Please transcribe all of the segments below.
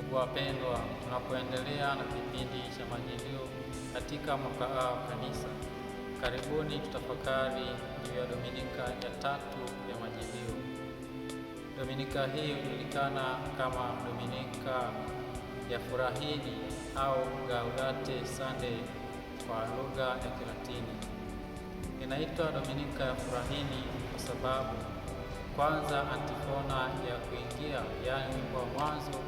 Ndugu wapendwa, tunapoendelea na kipindi cha majilio katika mwaka A kanisa, karibuni tutafakari juu ya dominika ya tatu ya majilio. Dominika hii hujulikana kama dominika ya furahini au Gaudete Sunday kwa lugha ya Kilatini. Inaitwa dominika ya furahini kwa sababu kwanza, antifona ya kuingia, yaani kwa mwanzo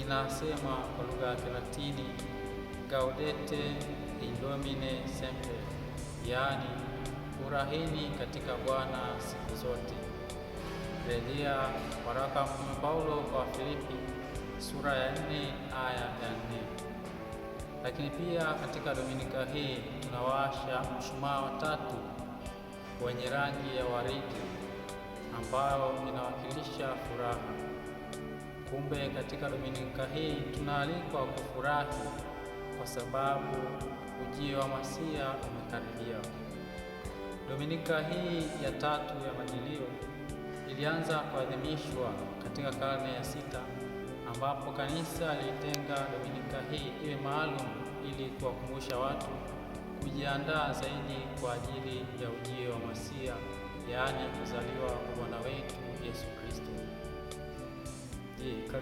inasema kwa lugha ya Kilatini Gaudete in Domine sempre, yaani furahini katika Bwana siku zote, rejea waraka wa Mtume Paulo kwa Filipi sura ya 4 aya ya 4. Lakini pia katika dominika hii tunawasha mshumaa watatu wenye rangi ya waridi ambao inawakilisha furaha Kumbe katika Dominika hii tunaalikwa kufurahi kwa sababu ujio wa Masia umekaribia. Dominika hii ya tatu ya Majilio ilianza kuadhimishwa katika karne ya sita ambapo kanisa lilitenga Dominika hii iwe maalum ili kuwakumbusha watu kujiandaa zaidi kwa ajili ya ujio wa Masia, yaani kuzaliwa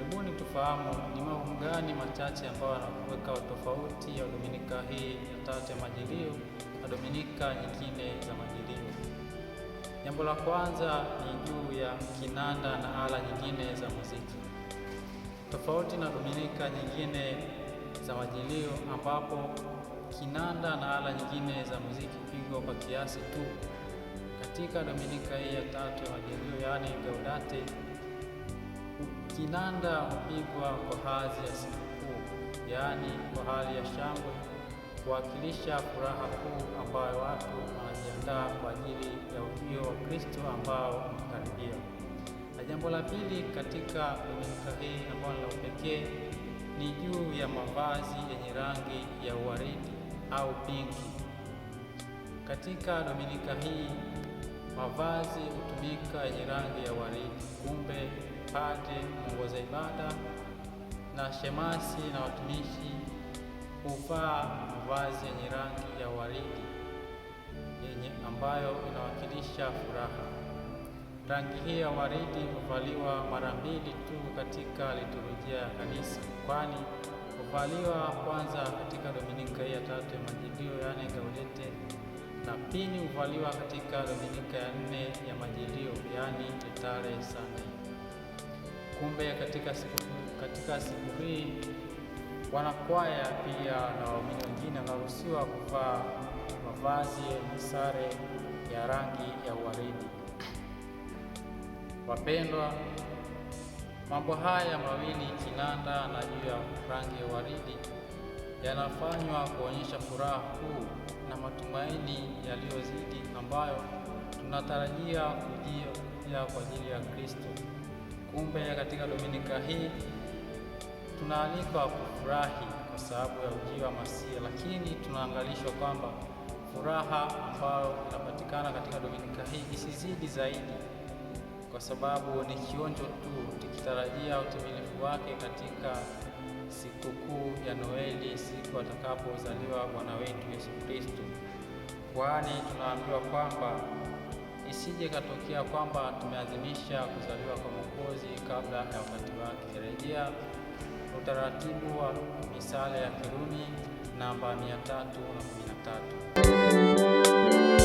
Karibuni tufahamu ni mambo gani machache ambayo yanaweka tofauti ya Dominika hii ya tatu ya Majilio na Dominika nyingine za Majilio. Jambo la kwanza ni juu ya kinanda na ala nyingine za muziki. Tofauti na Dominika nyingine za Majilio ambapo kinanda na ala nyingine za muziki pigwa kwa kiasi tu, katika Dominika hii ya tatu ya Majilio, yaani Gaudete Kinanda hupigwa kwa hadhi ya sikukuu, yaani kwa hali ya shangwe, kuwakilisha furaha kuu ambayo watu wanajiandaa kwa ajili ya ujio wa Kristo ambao umekaribia. Na jambo la pili katika dominika hii ambalo la upekee ni juu ya mavazi yenye rangi ya uwaridi au pinki. Katika dominika hii mavazi hutumika yenye rangi ya waridi, kumbe padri, mwongoza ibada na shemasi na watumishi huvaa mavazi yenye rangi ya waridi yenye ambayo inawakilisha furaha. Rangi hii ya waridi huvaliwa mara mbili tu katika liturujia ya kanisa, kwani huvaliwa kwanza katika dominika ya tatu ya Majilio, yaani Gaudete, na pili huvaliwa katika dominika ya nne ya Majilio, yaani Tetare Sande. Kumbe katika siku, katika siku hii wanakwaya pia na waumini wengine wanaruhusiwa kuvaa mavazi yenye sare ya rangi ya waridi. Wapendwa, mambo haya mawili kinanda na juu ya rangi ya waridi yanafanywa kuonyesha furaha kuu na matumaini yaliyozidi ambayo tunatarajia kujia kwa ajili ya Kristo. Kumbe katika dominika hii tunaalikwa kufurahi kwa sababu ya ujio wa Masia, lakini tunaangalishwa kwamba furaha ambayo inapatikana katika dominika hii isizidi zaidi, kwa sababu ni kionjo tu, tikitarajia utimilifu wake katika sikukuu ya Noeli, siku atakapozaliwa Bwana wetu Yesu Kristo, kwani tunaambiwa kwamba isije ikatokea kwamba tumeadhimisha kuzaliwa kwa Mwokozi kabla ya wakati wake. Rejea utaratibu wa misale ya Kirumi namba 313.